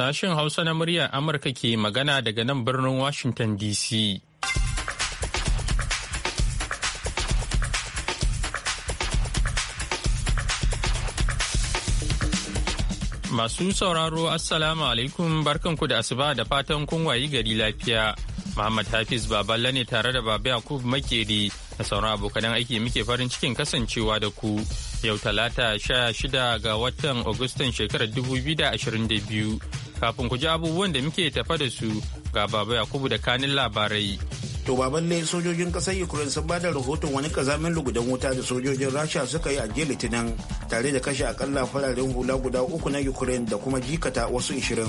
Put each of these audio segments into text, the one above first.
Sashen Hausa na muryar Amurka ke magana daga nan birnin Washington DC. Masu sauraro Assalamu alaikum barkanku da asuba da fatan kun wayi gari lafiya. Muhammad Hafiz Baballe ne tare da Baba Yakub Makeri da sauran abokanan aiki muke farin cikin kasancewa da ku. Yau talata sha shida ga watan Agustan shekarar 2022 Kafin ku ji abubuwan da muke tafa da su ga Baba Yakubu da kanin labarai. To baban ne sojojin kasar Ukraine sun bada rahoton wani kazamin lugudan wuta da sojojin Rasha suka yi a jiya Litinin tare da kashe akalla fararen hula guda uku na Ukraine da kuma jikata wasu ishirin.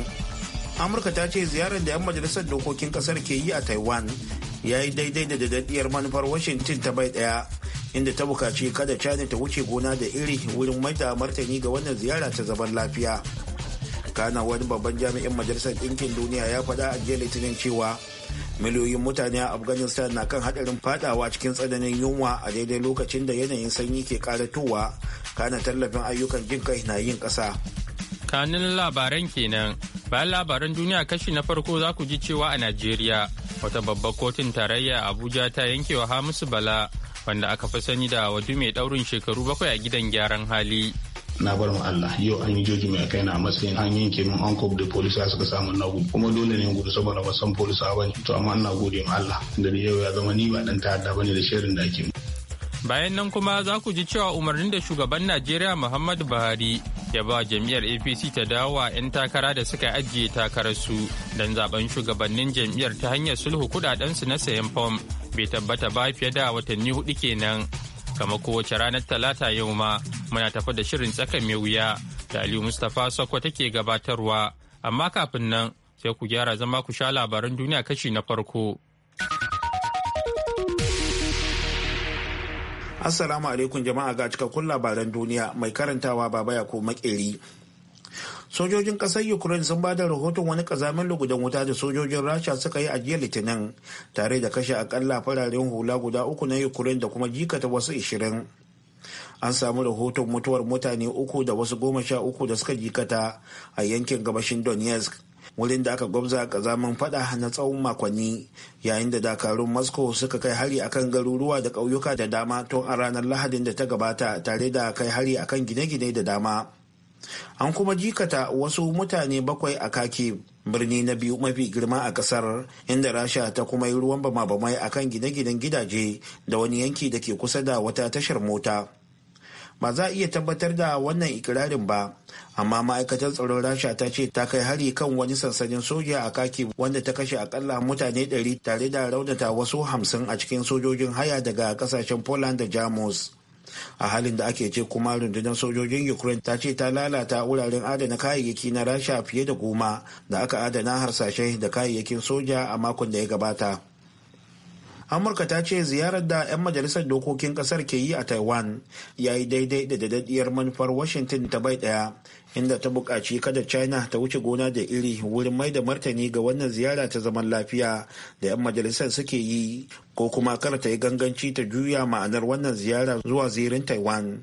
Amurka ta ce ziyarar da 'yan majalisar dokokin kasar ke yi a Taiwan ya yi daidai da dadaddiyar manufar Washington ta bai ɗaya inda ta bukaci kada China ta wuce gona da iri wurin maita martani ga wannan ziyara ta zaman lafiya. kana wani babban jami'in majalisar ɗinkin duniya ya faɗa a jiya litinin cewa miliyoyin mutane a afghanistan na kan haɗarin fadawa cikin tsananin yunwa a daidai lokacin da yanayin sanyi ke karatowa kana tallafin ayyukan jin kai na yin ƙasa kanun labaran kenan bayan labaran duniya kashi na farko za ku ji cewa a najeriya wata babbar kotun tarayya abuja ta yankewa hamisu bala wanda aka fi sani da wadu mai daurin shekaru bakwai a gidan gyaran hali na bar mu Allah yau an yi joji mai kai na matsayin an yanke min an kop da polisa suka samu na gudu kuma dole ne gudu saboda ba san polisi ba ne to amma ina gode ma Allah da yau ya zama ni ba dan ta'adda bane da shirin da ake bayan nan kuma za ku ji cewa umarnin da shugaban najeriya muhammadu buhari ya ba jam'iyyar apc ta dawo wa 'yan takara da suka ajiye takararsu don zaben shugabannin jam'iyyar ta hanyar sulhu kudaden su na sayen fom bai tabbata ba fiye da watanni hudu kenan kamar kowace ranar Talata yau ma muna tafa da shirin tsakan mai wuya da Aliyu Mustapha Sokko take gabatarwa. Amma kafin nan sai ku gyara zama ku sha labaran duniya kashi na farko. Assalamu alaikum jama'a ga cikakkun labaran duniya mai karantawa baba ya ko makeri. sojojin kasar ukraine sun bada rahoton wani kazamin lugudan wuta da sojojin rasha suka yi a jiya litinin tare da kashe akalla fararen hula guda uku na ukraine da kuma jikata wasu ishirin an samu rahoton mutuwar mutane uku da wasu goma sha uku da suka jikata a yankin gabashin donetsk wurin da aka gwabza kazamin fada na tsawon makonni yayin da dakarun moscow suka kai hari akan garuruwa da ƙauyuka da dama tun a ranar lahadin da ta gabata tare da kai hari akan gine-gine da dama an kuma jikata wasu mutane bakwai a kake birni na biyu mafi girma a kasar inda rasha ta kuma yi ruwan bama-bamai a kan gine-ginen gidaje da wani yanki da ke kusa da wata tashar mota ba za a iya tabbatar da wannan ikirarin ba amma ma'aikatar tsaron rasha ta ce ta kai hari kan wani sansanin soja a kaki wanda ta kashe akalla mutane 100 tare da raunata wasu hamsin a cikin sojojin haya daga kasashen poland da jamus a halin da ake ce kuma rundunar sojojin ukraine ta ce ta lalata wuraren adana kayayyaki na rasha fiye da goma da aka adana harsashe da kayayyakin soja a makon da ya gabata amurka ta ce ziyarar da 'yan majalisar dokokin kasar ke yi a taiwan ya yi daidai da dadadiyar manufar washington ta bai daya inda ta buƙaci kada china ta wuce gona da iri wurin mai da martani ga wannan ziyara ta zaman lafiya da 'yan majalisar suke yi ko kuma kar ta yi ganganci ta juya ma'anar wannan ziyara zuwa zirin taiwan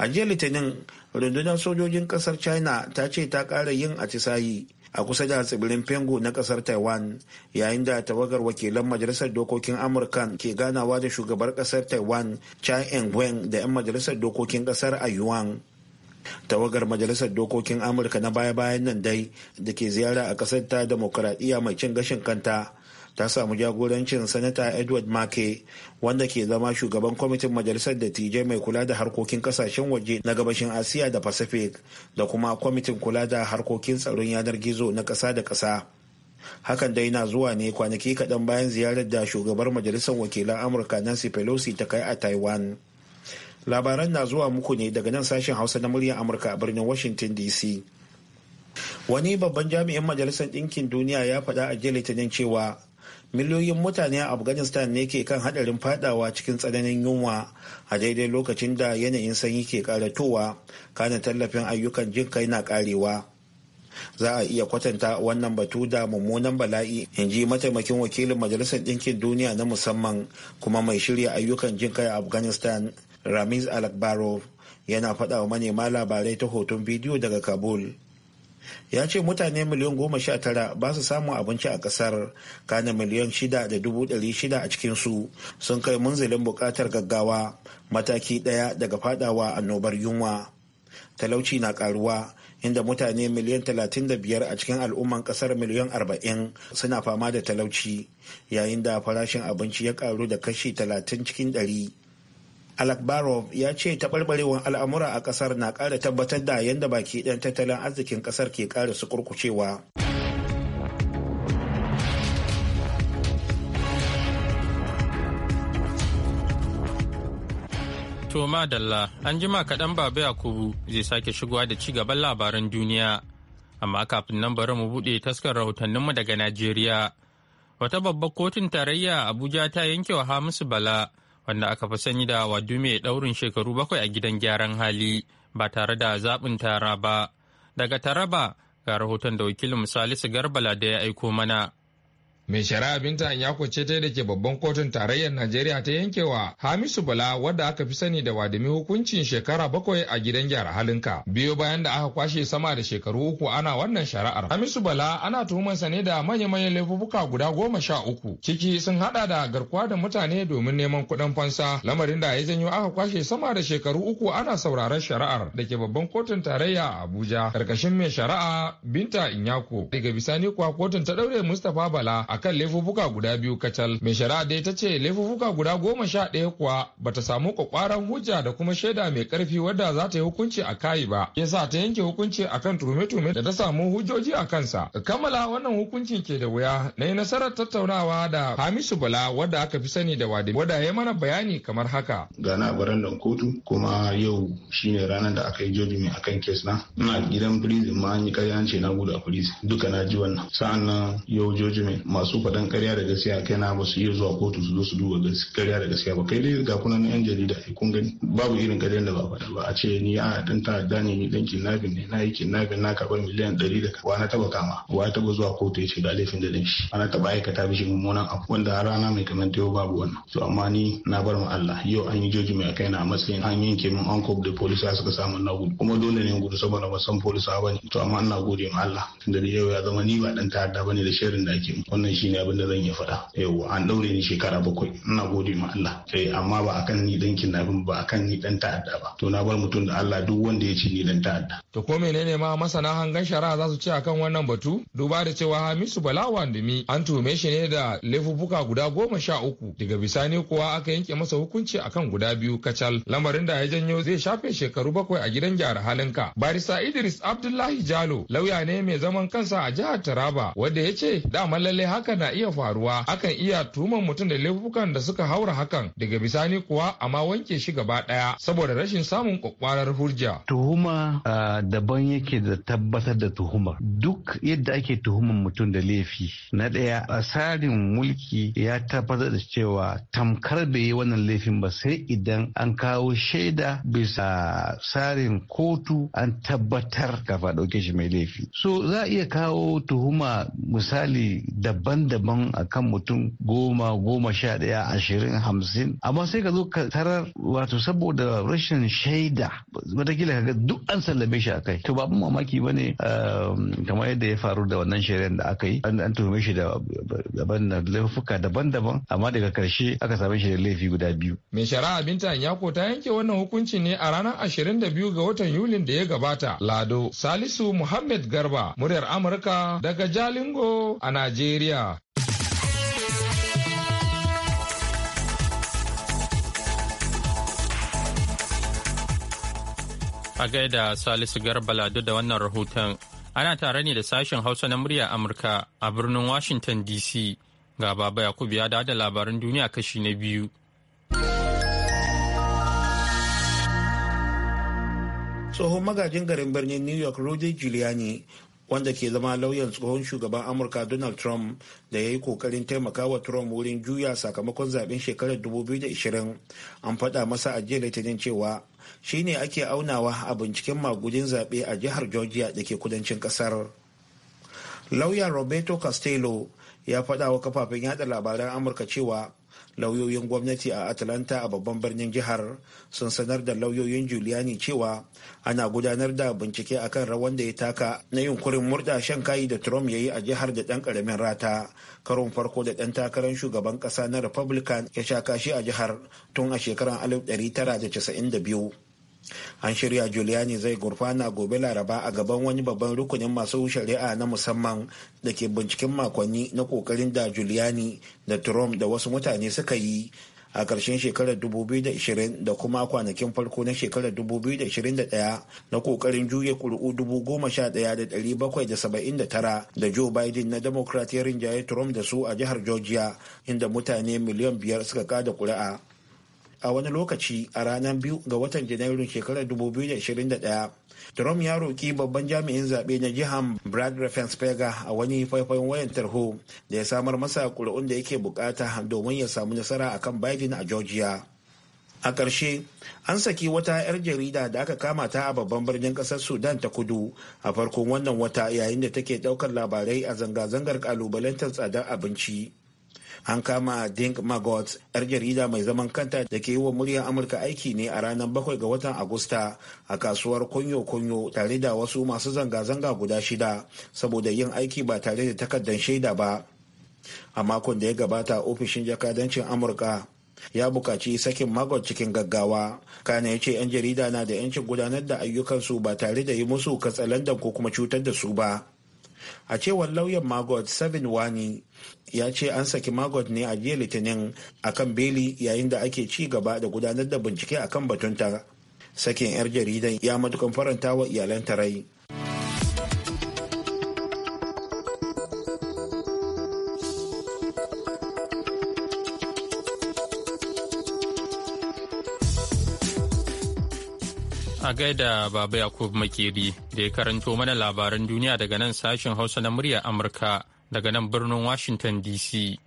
a jiya litinin rundunar sojojin kasar china ta ce ta ƙara yin atisayi a kusa da tsibirin pengu na kasar taiwan yayin da tawagar wakilan majalisar dokokin amurka ke ganawa da shugabar kasar taiwan chai eng da 'yan majalisar dokokin kasar a yuan tawagar majalisar dokokin amurka na baya-bayan nan dai da ke ziyara a kasar ta demokuraɗiyya mai cin gashin kanta ta samu jagorancin sanata edward make wanda ke zama shugaban kwamitin majalisar dattijai mai kula da harkokin kasashen waje na gabashin asiya da pacific da kuma kwamitin kula da harkokin tsaron yanar gizo na kasa da ƙasa hakan dai na zuwa ne kwanaki kaɗan bayan ziyarar da shugabar majalisar wakilan amurka nancy pelosi ta kai a taiwan labaran na zuwa muku ne daga nan sashen hausa na muryar amurka a birnin washington dc wani babban jami'in majalisar ɗinkin duniya ya faɗa a jiya litinin cewa miliyoyin mutane a afghanistan ne ke kan hadarin fadawa cikin tsananin yunwa a daidai lokacin da yanayin sanyi ke karatowa kana tallafin ayyukan jin kai na karewa za a iya kwatanta wannan batu da mummunan bala'i in ji mataimakin wakilin majalisar ɗinkin duniya na musamman kuma mai shirya ayyukan jin kai a afghanistan ramiz alakbarov yana faɗa wa manema labarai ta hoton bidiyo daga kabul ya ce mutane miliyan goma sha tara ba su samun abinci a kasar kana miliyan shida da dubu ɗari shida a cikinsu sun kai munzalin buƙatar gaggawa mataki ɗaya daga fadawa annobar yunwa talauci na ƙaruwa, inda mutane miliyan talatin da biyar a cikin al'umman kasar miliyan arba'in suna fama da talauci yayin da farashin abinci ya ƙaru da kashi talatin cikin ɗari. Alakbarov ya ce taɓarɓarewar al'amura a ƙasar na ƙara tabbatar da yadda baki ɗan tattalin arzikin ƙasar ke ƙara su kurkucewa. To madalla an jima kaɗan baba Yakubu zai sake shigowa da ci gaban labaran duniya. Amma kafin nan bari mu buɗe taskar rahotanninmu daga Najeriya. Wata babbar kotun tarayya Abuja ta yanke wa Hamisu Bala wanda aka fi sanyi da wadume ɗaurin shekaru bakwai a gidan gyaran hali ba tare da zaɓin tara ba daga taraba ga rahoton da wakilin salisu garbala da ya aiko mana mai shari'a binta anyako ce ta da ke babban kotun tarayyar najeriya ta yankewa hamisu bala wadda aka fi sani da wadimi hukuncin shekara bakwai a gidan gyara halinka biyo bayan da aka kwashe sama da shekaru uku ana wannan shari'ar hamisu bala ana tuhumarsa ne da manya-manyan laifuka guda goma sha uku ciki sun hada da garkuwa da mutane domin neman kuɗin fansa lamarin da ya janyo aka kwashe sama da shekaru uku ana sauraron shari'ar da ke babban kotun tarayya a abuja karkashin mai shari'a binta inyako daga bisani kuwa kotun ta daure mustapha bala a akan laifuka guda biyu kacal mai shari'a dai ta ce laifuka guda goma sha ɗaya kuwa bata samu kwakwaran hujja da kuma shaida mai karfi wadda za ta yi hukunci a kai ba yasa ta yanke hukunci akan tuhume-tuhume da ta samu hujjoji a kansa kammala wannan hukuncin ke da wuya na yi nasarar tattaunawa da hamisu bala wadda aka fi sani da wade wadda ya mana bayani kamar haka gana a barandan kotu kuma yau shine ranar da aka yi jobi akan kes na ina gidan prison ma an yi karyanci na gudu a prison duka na ji wannan sa'an nan yau joji masu masu faɗan karya da gaskiya kai na ba su iya zuwa kotu su zo su duba karya da gaskiya ba kai dai ga kuna na yan jarida ai kun gani babu irin karyar da ba faɗa ba a ce ni a dan ta ne ni dan kidnapping ne na yi kidnapping na karɓar miliyan ɗari da wa na taɓa kama wa ta taɓa zuwa kotu ya ce ga laifin da shi ana taɓa aikata mishi mummunan abu wanda a rana mai kaman ta yau babu wannan to amma ni na bar ma Allah yau an yi joji mai kai na a matsayin an yanke min an da a suka samu na gudu kuma dole ne gudu saboda ban san polisi ba ne to amma ina gode ma Allah tunda yau ya zama ni ba dan ta'adda bane da shirin da ake wannan ne abin da zan iya faɗa yau an ɗaure ni shekara bakwai ina gode ma Allah eh amma ba akan ni dan kidnapping ba akan ni dan ta'adda ba to na bar mutum da Allah duk wanda ya ci ni dan ta'adda to ko menene ma masana hangan shari'a za su ce akan wannan batu duba da cewa Hamisu Balawan Dumi an tuhume shi ne da laifuffuka guda goma sha uku daga bisani kuwa aka yanke masa hukunci akan guda biyu kacal lamarin da ya janyo zai shafe shekaru bakwai a gidan gyara halinka barisa Idris Abdullahi Jalo lauya ne mai zaman kansa a jihar Taraba wanda ya ce dama lalle haka haka na iya faruwa akan iya tuman mutum da laifukan da suka haura hakan daga bisani kuwa amma wanke shi gaba daya saboda rashin samun kwakwarar hujja. Tuhuma daban yake da tabbatar da tuhuma, Duk yadda ake tuhumar mutum da laifi na daya asarin mulki ya tabbatar da cewa tamkar da yi wannan laifin ba sai idan an kawo shaida bisa tsarin kotu an tabbatar kafa ɗauke shi mai laifi. So za a iya kawo tuhuma misali daban daban-daban kan mutum goma goma sha ɗaya ashirin hamsin amma sai ka zo ka tarar wato saboda rashin shaida watakila ga duk an sallame shi a kai to ba mamaki ba ne um, kamar yadda ya faru da wannan shari'ar da aka yi an tuhume shi da laifuka daban-daban amma daga karshe aka same shi da laifi guda biyu. mai shari'a binta yako ta yanke wannan hukunci ne a ranar ashirin da biyu ga watan yulin da ya gabata lado salisu muhammad garba muryar amurka daga jalingo a najeriya duniya. A gaida Salisu Garba Lado da wannan rahoton ana tare ne da sashen Hausa na murya Amurka a birnin Washington DC. Ga Baba Yakubu ya da labaran duniya kashi na biyu. tsohon magajin garin birnin new york rudy giuliani wanda ke zama lauyan tsohon shugaban amurka donald trump da ya yi kokarin taimakawa trump wurin juya sakamakon zaben shekarar 2020 an faɗa masa a jiya litinin cewa shine ake aunawa a binciken magudin zaɓe a jihar georgia da ke kudancin ƙasar lauya roberto castello ya faɗa wa kafafen yada labaran amurka cewa lauyoyin gwamnati a atlanta a babban birnin jihar sun sanar da lauyoyin giuliani cewa ana gudanar da bincike akan rawan da ya taka na yunkurin murda shan kayi da trump ya yi a jihar da ɗan karamin rata karon farko da ɗan takarar shugaban ƙasa na republican ya sha kashi a jihar tun a shekarar 1992 an shirya Giuliani zai gurfana gobe laraba a gaban wani babban rukunin masu shari'a na musamman da ke binciken makonni na kokarin da Giuliani da Trump da wasu mutane suka yi a ƙarshen shekarar 2020 da kuma kwanakin farko na shekarar 2021 na kokarin juya kuri'u 11,779 da Joe Biden na Democrat ya rinjaye Trump da su a jihar Georgia inda mutane miliyan biyar suka kada kuri'a. a wani lokaci a ranar biyu ga watan janairun shekarar 2021 trump ya roƙi babban jami'in zaɓe na jihar brad raffensperger a wani faifan wayan tarho da ya samar masa ƙuri'un da yake bukata domin ya samu nasara a kan biden a georgia a ƙarshe an saki wata 'yar jarida da aka kama ta a babban birnin ƙasar sudan ta kudu a farkon wannan wata yayin da take ɗaukar labarai a zanga-zangar ƙalubalantar tsadar abinci an kama dink magot yar jarida mai zaman kanta da ke yi wa muryar amurka aiki ne a ranar bakwai ga watan agusta a kasuwar kunyo kunyo tare da wasu masu zanga-zanga guda shida saboda yin aiki ba tare da takardar shaida ba a makon da ya gabata ofishin jakadancin amurka ya bukaci sakin magot cikin gaggawa kana ya ce 'yan jarida na da 'yancin gudanar da ayyukansu ba tare da yi musu katsalandan ko kuma cutar da su ba a cewar lauyan magot seven wani ya ce an saki magot ne a jiya litinin a kan beli yayin da ake ci gaba da gudanar da bincike a kan batunta sakin 'yar jaridan ya matukan faranta wa iyalan rai A gaida Baba Yakub Makeri da ya karanto mana labaran duniya daga nan sashen Hausa na murya Amurka daga nan birnin Washington DC.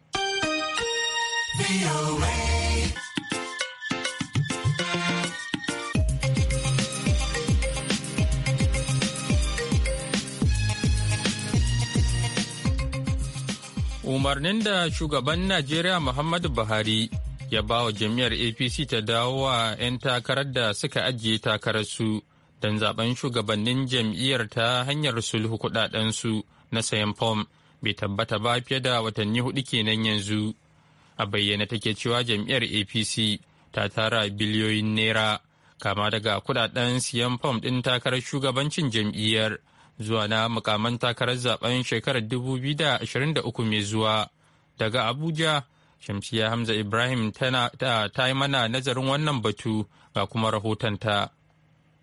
Umarnin da shugaban Najeriya Muhammadu Buhari ya ba wa jam'iyyar apc ta dawo wa 'yan takarar da suka ajiye takarar su don zaben shugabannin jam'iyyar ta hanyar sulhu kudadensu na sayan fom bai tabbata ba fiye da watanni hudu kenan yanzu a bayyana take cewa jam'iyyar apc ta tara biliyoyin naira kama daga kudaden siyan fom ɗin takarar shugabancin jam'iyyar zuwa na mukaman takarar zaben shekarar 2023 mai zuwa daga abuja Shamsiya Hamza Ibrahim tana ta yi mana nazarin wannan batu ga kuma rahotonta.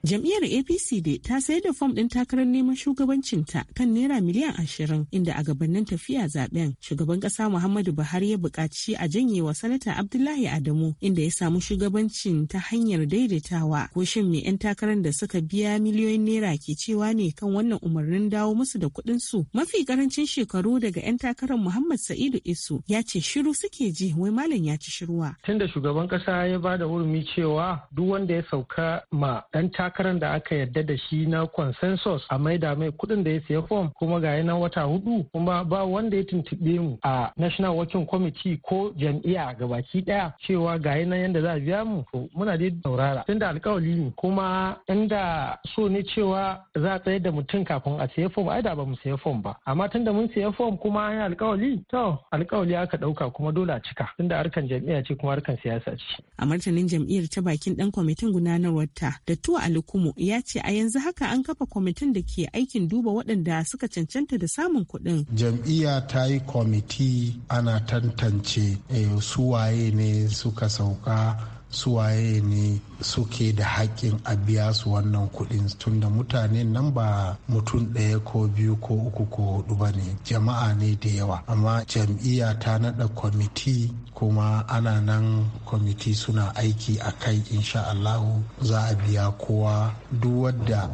Jam'iyyar APC dai ta sayar da fom ɗin takarar neman shugabancinta kan naira miliyan ashirin inda a gabanin tafiya zaben shugaban ƙasa Muhammadu Buhari ya buƙaci a janye wa sanata Abdullahi Adamu inda ya samu shugabancin ta hanyar daidaitawa ko shin me 'yan takarar da suka biya miliyoyin naira ke cewa ne kan wannan umarnin dawo musu da kuɗin su mafi ƙarancin shekaru daga 'yan takarar Muhammad Sa'idu Isu ya ce shiru suke ji wai malam ya ci shiruwa. Tunda shugaban ƙasa ya ba da cewa duk wanda ya sauka ma ɗan takarar da aka yadda da shi na consensus a da mai kuɗin da ya siya fom kuma ga nan wata hudu kuma ba wanda ya tuntuɓe mu a national working committee ko jam'iyya ga baki daya cewa ga nan yadda za a biya mu to muna dai saurara tunda alkawali ne kuma inda so ne cewa za a tsayar da mutum kafin a siya fom ai da ba mu siya fom ba amma tunda mun siya fom kuma an yi alkawali to alkawali aka ɗauka kuma dole a cika tunda harkan jam'iyya ce kuma harkan siyasa ce. a martanin jam'iyyar ta bakin dan kwamitin gudanarwar ta da tuwa Lukumu ya ce a yanzu haka an kafa kwamitin da ke aikin duba waɗanda suka cancanta da samun kuɗin. Jam'iyya ta yi kwamiti ana tantance eh, su waye ne suka sauka Su waye ne suke da haƙƙin a biya su wannan kuɗin tunda mutane nan ba mutum ɗaya ko biyu ko uku ko hudu ba ne jama'a ne da yawa amma jam'iyya ta naɗa kwamiti kuma ana nan kwamiti suna aiki a kai insha'allahu za a biya kowa duk wadda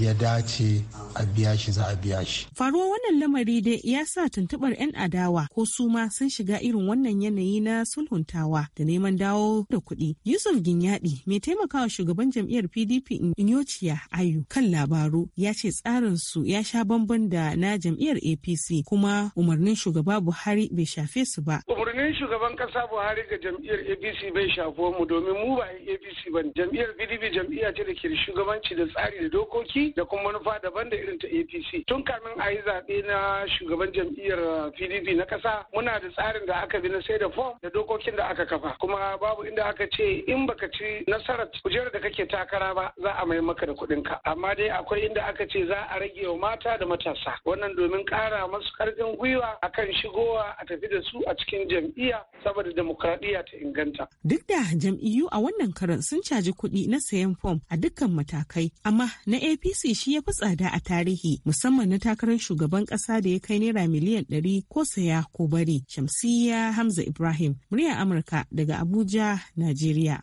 ya dace a biya shi za a biya shi. Faruwar wannan lamari dai ya sa tuntubar 'yan adawa ko suma sun shiga irin wannan yanayi na sulhuntawa da neman dawo da kuɗi. Yusuf Ginyadi mai taimakawa shugaban jam'iyyar PDP in yociya Ayu kan labaru ya ce tsarin su ya sha bamban da na jam'iyyar APC kuma umarnin shugaba Buhari bai shafe su ba. Umarnin shugaban kasa Buhari ga jam'iyyar APC bai shafo mu domin mu ba APC ba jam'iyyar PDP jam'iyya ce da ke shugabanci da tsari da dokoki da kuma manufa daban da irin ta APC. Tun kamin a yi zaɓe na shugaban jam'iyyar PDP uh, na ƙasa muna da tsarin da aka bi na sai da fom da dokokin da aka kafa. Kuma babu inda aka ce in baka ci nasarar kujerar da kake takara ba za a mai maka da kuɗinka. Amma dai akwai inda aka ce za a rage wa mata da matasa. Wannan domin ƙara masu ƙarfin gwiwa akan shigowa a tafi da su a cikin jam'iyya saboda demokradiyya ta inganta. Duk da jam'iyyu a wannan karan sun caji kuɗi na sayan fom a dukkan matakai amma na APC APC shi ya fi tsada a tarihi musamman na takarar shugaban kasa da ya kai naira miliyan ɗari ko saya ko bari. Shamsiyya Hamza Ibrahim, murya Amurka daga Abuja, Najeriya.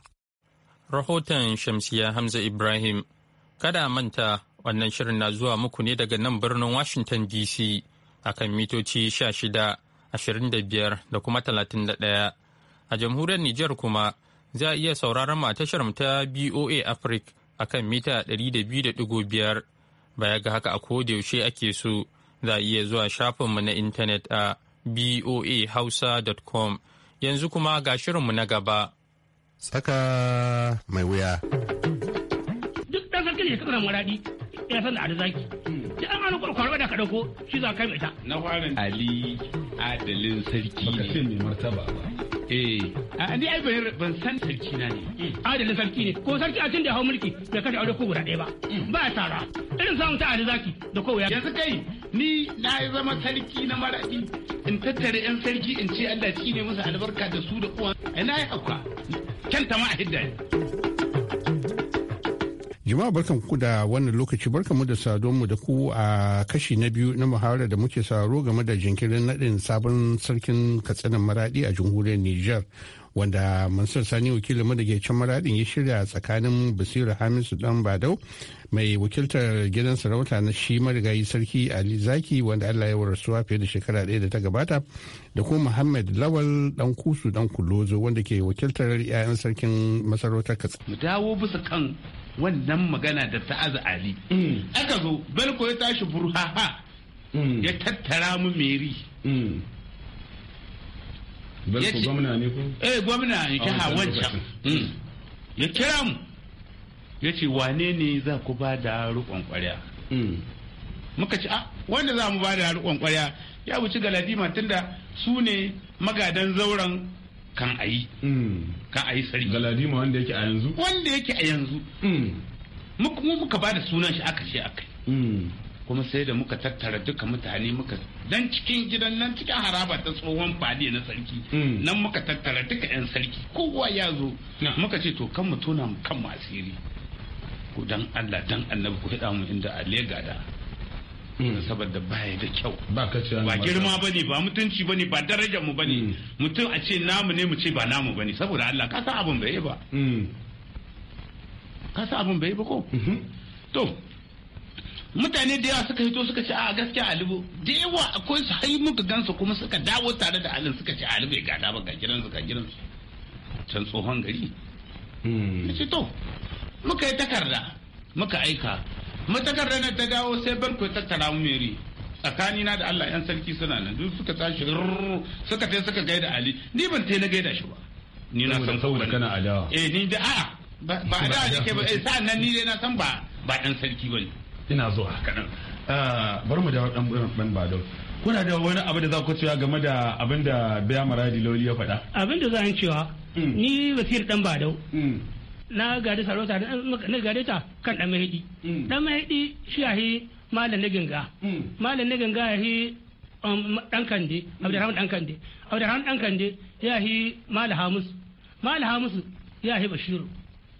Rahoton Shamsiyya Hamza Ibrahim. Kada manta wannan shirin na zuwa muku ne daga nan birnin Washington DC akan mitoci 16, 25 da kuma 31. A jamhuriyar Nijar kuma za a iya sauraron mu a tashar ta BOA Africa a kan mita 200.5 baya ga haka a yaushe ake so za a iya zuwa shafinmu na intanet a boahausa.com yanzu kuma ga shirinmu na gaba. Tsaka mai wuya. Duk ɗan sarki ne kasar maradi ya san da arzaki. Duk an ana kwarkwarwa da ka ɗauko shi za ka mai ta. Na fara Ali adalin sarki ne. Baka ce mai martaba ba. eh a eh. ni ai ban san sarki na ne eh. adalin sarki ne ko sarki a tun da hau mulki bai kashe aure ko guda ɗaya ba eh. ba tara irin samun ta da zaki da kowa yanzu kai ni na zama sarki na maraɗi in tattare yan sarki in ce Allah ci ne musu albarka da su da uwan ina ya hauka kyanta ma a hidda Jama'a barkan ku da wannan lokaci barkan mu da saduwanmu mu da ku a kashi na biyu na muhawara da muke saro game da jinkirin nadin sabon sarkin katsinan maraɗi a jamhuriyar Niger wanda Mansur Sani wakilin mu da ke can maradin ya shirya tsakanin Basiru Hamisu Dan Badau mai wakiltar gidan sarauta na shi marigayi sarki Ali Zaki wanda Allah ya warasuwa fiye da shekara ɗaya da ta gabata da kuma Muhammad Lawal Dan Kusu Dan Kulozo wanda ke wakiltar 'ya'yan sarkin masarautar Katsina. Mu dawo bisa kan wannan magana da ta'aza ali mm. aka zo belko ya tashi burhaha mm. ya tattara mu meri mm. belko gwamna ne ko eh gwamna ya ah, wancan ya kira mu ya ce wane ne za ku ba da rukon kwarya muka ce a ah, wanda za mu ba da rukon kwarya ya wuce galadima tunda su ne magadan zauren kan a yi hmm. kan a yi sari galadima wanda yake a yanzu wanda yake a yanzu hmm. mu muka ba da sunan shi aka ce aka hmm. kuma sai da muka tattara duka mutane muka dan cikin gidan nan cikin haraba ta tsohon fadi na sarki nan muka tattara duka yan sarki kowa ya zo muka ce to kan mu tona mu kan asiri ku dan Allah dan annabi ku hida mu inda a lega da Mm. saboda baya da kyau ba girma ba ne ba mutunci ba ne ba darajar mu ba ne mm. mutum a ce namu ne mu ce ba namu ba ne saboda Allah ka san abin bai ba mm. ka san abin bai ba ko mm-hmm. to mutane da yawa suka hito suka ce a gaskiya alibu da yawa akwai su hayi muka gansu kuma suka dawo tare da alin suka ce alibu ya gada ba ga gidansu ga gidansu can tsohon gari ce to muka yi takarda muka aika matakar ranar ta dawo sai barko ta tara meri tsakanina da Allah yan sarki suna nan duk suka tashi suka tai suka gaida Ali ni ban tai na gaida shi ba ni na san saboda kana adawa eh ni da a ba adawa ke ba eh sa'an nan ni dai na san ba ba dan sarki bane ina zuwa nan ah, bari mu dawo dan ban ba da kuna da wani abu da za ku cewa game da abin da Biya Maradi Loli ya faɗa abin da za a cewa mm. ni Basir dan ba dau. Mm. na gari sarauta na gari ta kan dan mahidi dan mm. mahidi shi yahi malam na ganga mm. malam na ganga yahi dan um, kande mm. abdurrahman dan kande abdurrahman dan kande yahi malam hamus malam hamus yahi bashiru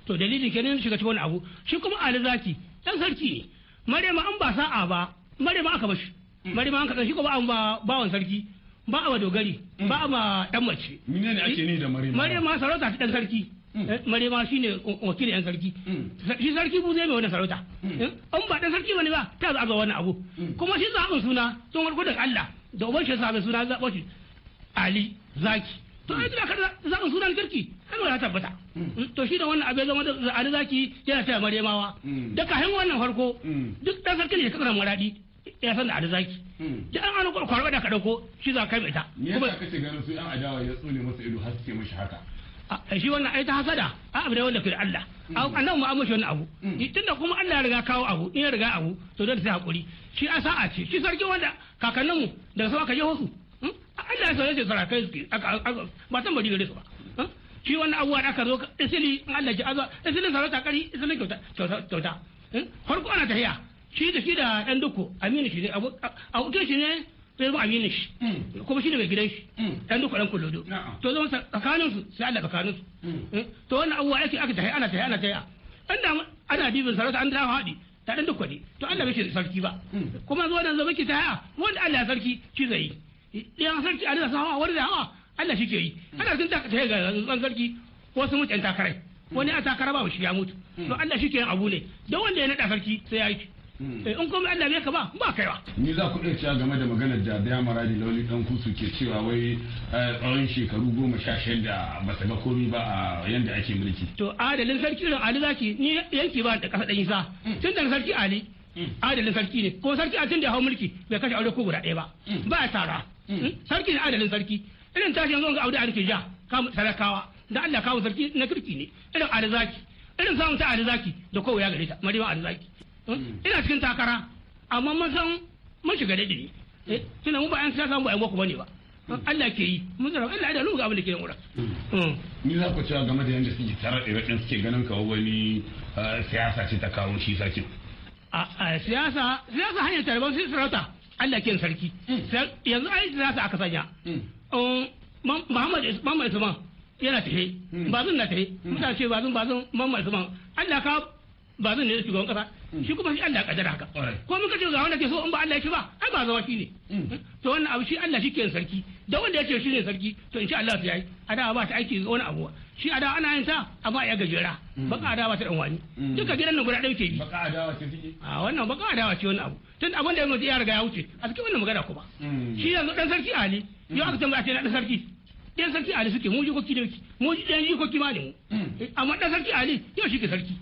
to dalilin kenan shiga cikin abu shi kuma ali zaki dan sarki ne maryama an ba sa'a ba maryama aka bashi maryama an ka shi kuma an ba bawan sarki ba a dogari ba a dan mace menene ake ni da maryama maryama sarauta ta dan sarki Eh, mare ma shine wakilin yan sarki mm. shi sarki bu zai mai wani sarauta an mm. eh, ba dan sarki bane ba ta zaɓa wani abu mm. kuma shi zaɓin suna sun farko daga Allah da uban shi zaɓin suna zaɓo shi Ali Zaki to ai da kada zaɓin suna kirki kan ya tabbata to shi da wannan abu ya zama da Ali Zaki yana taya maremawa da kahin wannan farko duk dan sarki ne ka kara maradi ya san da Ali Zaki. da an an kwarwa da ka dauko shi za ka mai ta kuma ya kace ganin su yan adawa ya tsone masa ido har suke mishi haka shi wannan ai ta hasada a abu da wanda fi Allah mm. annabi mu amma shi wannan abu mm. tunda kuma Allah ya riga kawo abu in ya riga abu to dole sai hakuri shi a sa'a ce shi sarki wanda kakannin mu daga sama ka jeho su hmm? Allah ya sauye su sarakai su ba san bari gare su ba hmm? shi wannan abuwa da aka zo isili in Allah ji azwa isilin ta kari isilin kyauta kyauta hmm? farko ana tafiya shi da shi da ɗan duku aminu shi ne abu shi ne sai zo aminin shi mm. kuma shi ne mai gidan shi mm. dan duk dan kulodo to zama tsakanin su sai Allah tsakanin su mm. eh, to wannan abuwa yake aka tahi ana tahi ana tahi da ana dibin sarauta an dawo haɗi ta dan duk ne to Allah bai sarki ba kuma zo nan zo miki tahi ah, wanda Allah ya sarki shi zai yi Ya sarki Allah sa hawa wanda hawa Allah shi ke yi ana sun ta tahi ga zan sarki ko sun mutan takarai wani a takara ba shi ya mutu to Allah shi ke yin abu ne Don wanda ya nada sarki sai ya yi Hmm. Eh, in kuma Allah bai ka ba ba ba ni za ku iya cewa game da maganar da da maradi lauli dan ku ke cewa wai eh, tsawon shekaru goma sha shida ba ta ga komi ba a yanda ake mulki to adalin sarki da ali zaki ni yanki ba da kasa dan isa hmm. tun da sarki ali hmm. adalin sarki ne ko sarki a tun da hau mulki bai kashe aure ko guda ɗaya ba ba ya tara sarki ne adalin sarki irin tashi yanzu ga aure a rike ja kamu talakawa da Allah kawo sarki na kirki ne irin arzaki irin samun ta arzaki da kowa ya gare ta mariwa arzaki Eh? ina cikin takara amma mun san mun shiga dade ne eh? tunda mu ba yan siyasa mu ba yan boko bane ba hmm. Allah ke yi mun zara Allah da lugu abin da ke mura hmm. hmm. ni za ku cewa game da yanda suke tsara ɗaya suke ganin kawo wani eh, siyasa ce ta kawo shi sarki a siyasa siyasa hanyar tarban sun sarauta Allah ke sarki yanzu ai siyasa aka sanya um, Muhammad Muhammad Usman yana tafe bazun na tafe mutane ce bazun bazun Muhammad Usman Allah ka ba zan ne da shugaban kasa hmm. shi kuma shi Allah ya kaddara haka ko muka ce ga wanda ke so in ba Allah ya ci ba ai ba zama shi ne hmm. to wannan abu shi Allah shi ke sarki da wanda ya ce shi ne sarki to insha Allah sai yayi adawa ba ta aiki ga wani abu shi adawa ana yin ta amma ya gajera hmm. baka adawa ta dan wani duka gidan nan guda ɗaya ke yi baka adawa ce take a wannan baka adawa ce wani abu tun abin da ya mutu ya riga ya wuce a cikin wannan magana kuma shi yanzu dan sarki Ali yau aka tambaya ce na dan sarki dan sarki Ali suke mu jikoki da mu dan jikoki ma ne mu amma dan sarki Ali yau shi ke sarki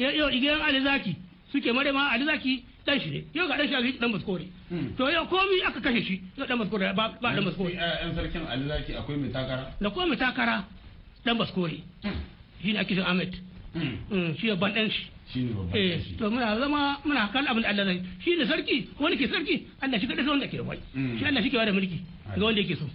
yau igiyar alizaki suke mare ma alizaki dan shi ne yau ga dan shi alizaki dan baskore hmm. to yau komi aka kashe shi yau dan baskore ba dan baskore yan eh, sarkin alizaki akwai mai takara da ko mai takara dan baskore hmm. shi ne ake hmm. shi ahmed shi ya ban dan eh, shi to muna zama muna kan abin da Allah zai shi ne sarki wani ke sarki Allah shi kada sai wanda ke rubai shi Allah shi ke wa da mulki ga wanda yake so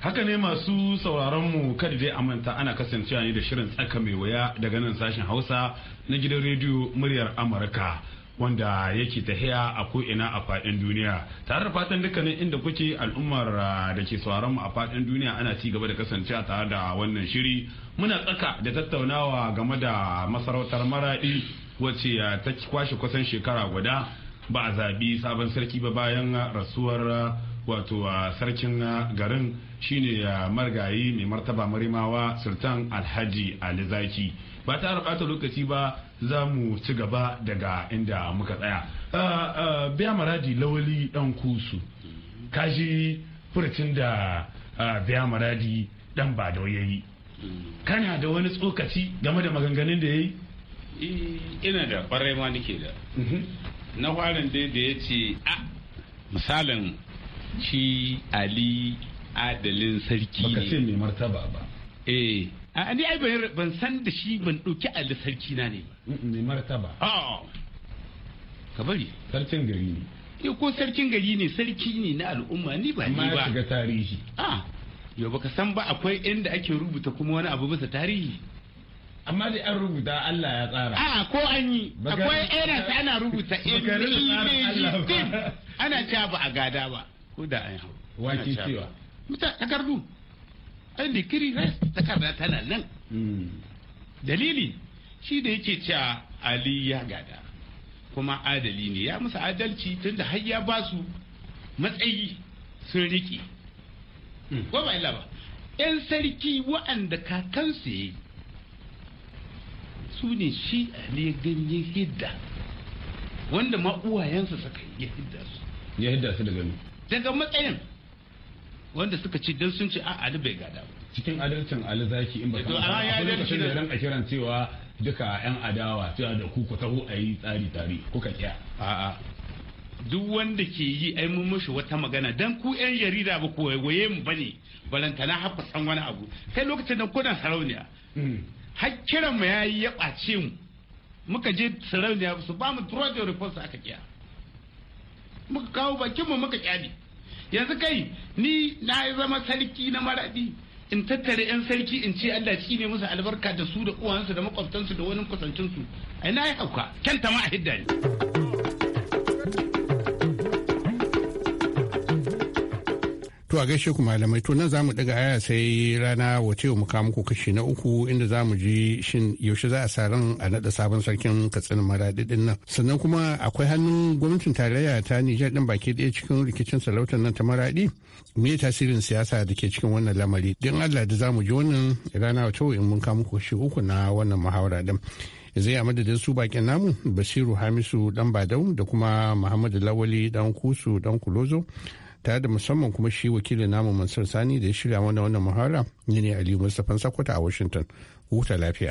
Haka ne masu sauraronmu kada dai manta ana kasancewa ne da shirin tsaka mai waya daga nan sashen Hausa na gidan rediyo muryar Amurka. wanda yake tahiya a ko'ina a faɗin duniya tare da fatan dukkanin inda kuke al'ummar ah, da ke sauraron mu a faɗin duniya ana ci gaba da kasancewa tare da wannan shiri muna tsaka da tattaunawa game da masarautar maraɗi wacce ah, ta kwashe kwasan shekara guda ba a zaɓi sabon sarki ba bayan rasuwar wato sarkin garin shine marigayi mai martaba marimawa sultan alhaji alizaki ba ta bata lokaci ba za mu ci gaba daga inda muka tsaya biya maradi lawali dan kusu kaji furcin da biya maradi dan ba da yayi kana da wani tsokaci game da maganganun da ya yi. Eh, ina da kwarai ma nike da mhm. na farin dai da ya ce a misalin shi ali adalin sarki ne ce mai martaba ba eh a ni ai ban san da shi ban ɗauki ali sarki na ne mm, mai martaba a ah, ka bari sarkin gari ne eh, ko sarkin gari ne sarki ne na al'umma ni ba ni ba amma ya tarihi Ah, yau baka san ba akwai inda ake rubuta kuma wani abu bisa tarihi amma dai an rubuta Allah ya tsara a ah, ko an yi akwai irin ana rubuta in ana ca ba a gada ba ko da an hau wake cewa mutan takardu ai dikiri rai takarda tana nan hmm. dalili shi da yake cewa ali ya gada kuma adali ne ya musu adalci tunda har ya ba su matsayi sun riƙe hmm. ko ba ila ba yan sarki wa'anda kakansu ya yi su ne shi ali ya ganye hidda wanda ma uwayensa suka ya hidda su ya hidda su daga daga matsayin wanda suka ci don sun ce a ali bai gada ba cikin adalcin ali zaki in ba ka a ya lokacin da ranka kiran cewa duka yan adawa cewa da ku ku hu a yi tsari tare kuka kiya a duk wanda ke yi ai mun mushi wata magana dan ku yan jarida ba ku waye mu bane balantana haka san wani abu kai lokacin da kuna sarauniya hmm. har kiran mu yayi ya ɓace mu muka je sarauniya su ba mu draw the aka kiya muka kawo bakin mu muka kyale yanzu kai ni na zama sarki na maradi in tattare yan sarki in ce Allah shi ne musu albarka da su da uwansu da makwabtansu da wani kusancinsu ai na yi hauka kyanta ma a hidda ne To a gaishe ku malamai to nan zamu daga aya sai rana wace mu kawo muku kashi na uku inda zamu ji shin yaushe za a sa ran a nada sabon sarkin Katsina din nan. Sannan kuma akwai hannun gwamnatin tarayya ta Nijar din baki ɗaya cikin rikicin salautar nan ta maradi. Me tasirin siyasa da ke cikin wannan lamari? Din Allah da zamu ji wannan rana wace in mun kawo muku kashi uku na wannan muhawara din. zai a madadin su bakin namu basiru hamisu dan badau da kuma muhammadu lawali dan kusu dan kulozo ta da musamman kuma shi wakilin namu Mansur Sani da ya shirya mana wannan muhara ne ne Aliyu Mustapha Sakwata a Washington. Huta lafiya.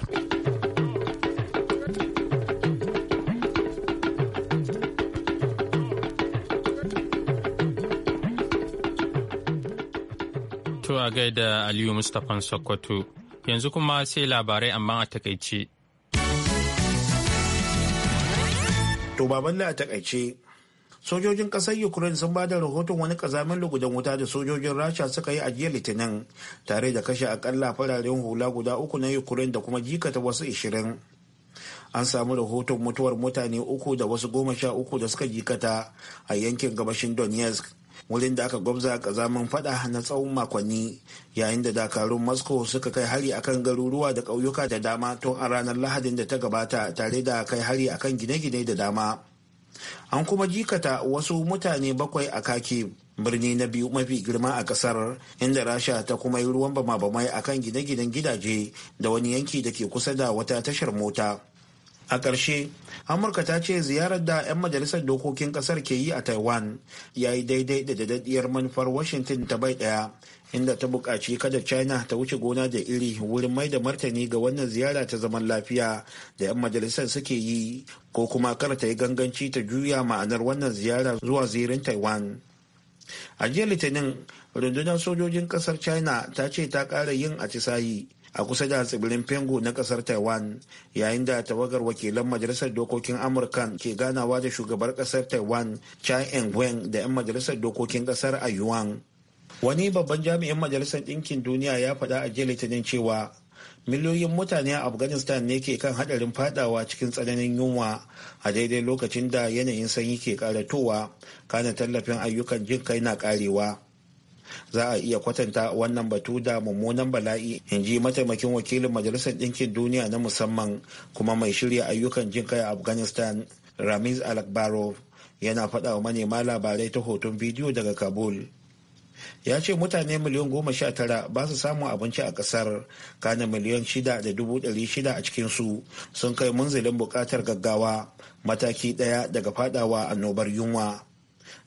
To a gaida Aliyu Mustapha Sokoto yanzu kuma sai labarai amma a takaice. To baban a takaice sojojin kasar ukraine sun bada rahoton wani kazamin lugudan wuta da sojojin rasha suka yi a jiya litinin tare da kashe akalla fararen hula guda uku na ukraine da kuma jikata wasu ishirin an samu rahoton mutuwar mutane uku da wasu goma sha uku da suka jikata a yankin gabashin donetsk wurin da aka gwabza a kazamin fada na tsawon makonni yayin da dakarun moscow suka kai hari akan garuruwa da ƙauyuka da dama tun a ranar lahadin da ta gabata tare da kai hari akan gine-gine da dama an kuma jikata wasu mutane bakwai a kake birni na biyu mafi girma a kasar inda rasha ta kuma yi ruwan bama-bamai a kan gine-ginen gidaje da wani yanki da ke kusa da wata tashar mota a ƙarshe amurka ta ce ziyarar da 'yan majalisar dokokin ƙasar ke yi a taiwan ya yi daidai da dadaddiyar manufar washington ta bai daya inda ta buƙaci kada china ta wuce gona da iri wurin mai da martani ga wannan ziyara ta zaman lafiya da 'yan majalisar suke yi ko kuma kar ta yi ganganci ta juya ma'anar wannan ziyara zuwa zirin taiwan a jiya litinin rundunar sojojin ƙasar china ta ce ta ƙara yin atisayi a kusa da tsibirin pengu na kasar taiwan yayin da tawagar wakilan majalisar dokokin amurka ke ganawa da shugabar kasar taiwan chai eng-wen da 'yan majalisar dokokin kasar a yuan wani babban jami'in majalisar ɗinkin duniya ya faɗa a jiya litinin cewa miliyoyin mutane a afghanistan ne ke kan haɗarin fadawa cikin tsananin yunwa a daidai lokacin da yanayin sanyi ke karatowa kana tallafin ayyukan jin kai na ƙarewa. za a iya kwatanta wannan batu da mummunan bala'i in ji mataimakin wakilin majalisar ɗinkin duniya na musamman kuma mai shirya ayyukan jin kai a afghanistan ramiz alakbaro yana faɗa wa manema labarai ta hoton bidiyo daga kabul ya ce mutane miliyan goma sha tara ba su samun abinci a ƙasar. kana miliyan shida da dubu ɗari shida a cikinsu sun kai munzilin buƙatar gaggawa mataki ɗaya daga fadawa annobar yunwa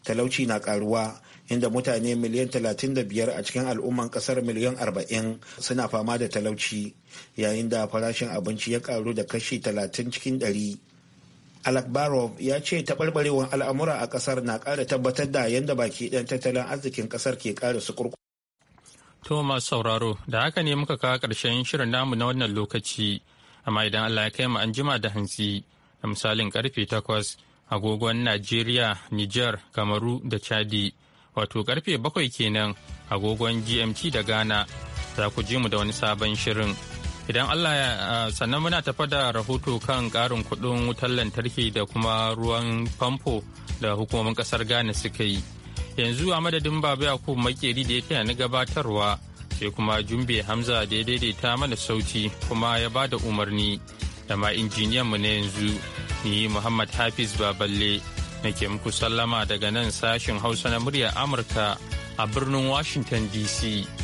talauci na karuwa inda mutane miliyan 35 a cikin al'umman kasar miliyan 40 suna fama da talauci yayin da farashin abinci ya karu da kashi 30 cikin 100 alakbarov ya ce taɓarɓarewar al'amura a ƙasar na ƙara tabbatar da yadda baki ɗan tattalin arzikin ƙasar ke ƙara su To masu sauraro, da haka ne muka kawo ƙarshen shirin namu na wannan lokaci, amma idan Allah ya kai mu an jima da hantsi, da misalin ƙarfe takwas, agogon Najeriya, Nijar, Kamaru da Chadi. wato karfe bakwai kenan agogon GMT da Ghana za ku ji mu da wani sabon shirin. Idan Allah ya sannan muna tafa da rahoto kan ƙarin kuɗin wutar lantarki da kuma ruwan famfo da hukumomin ƙasar Ghana suka yi. Yanzu a madadin Baba ko Makeri da ya taya ni gabatarwa sai kuma Jumbe Hamza da ya daidaita mana sauti kuma ya ba da umarni da ma mu na yanzu ni Muhammad Hafiz Baballe. nake muku sallama daga nan sashin hausa na murya amurka a birnin washington dc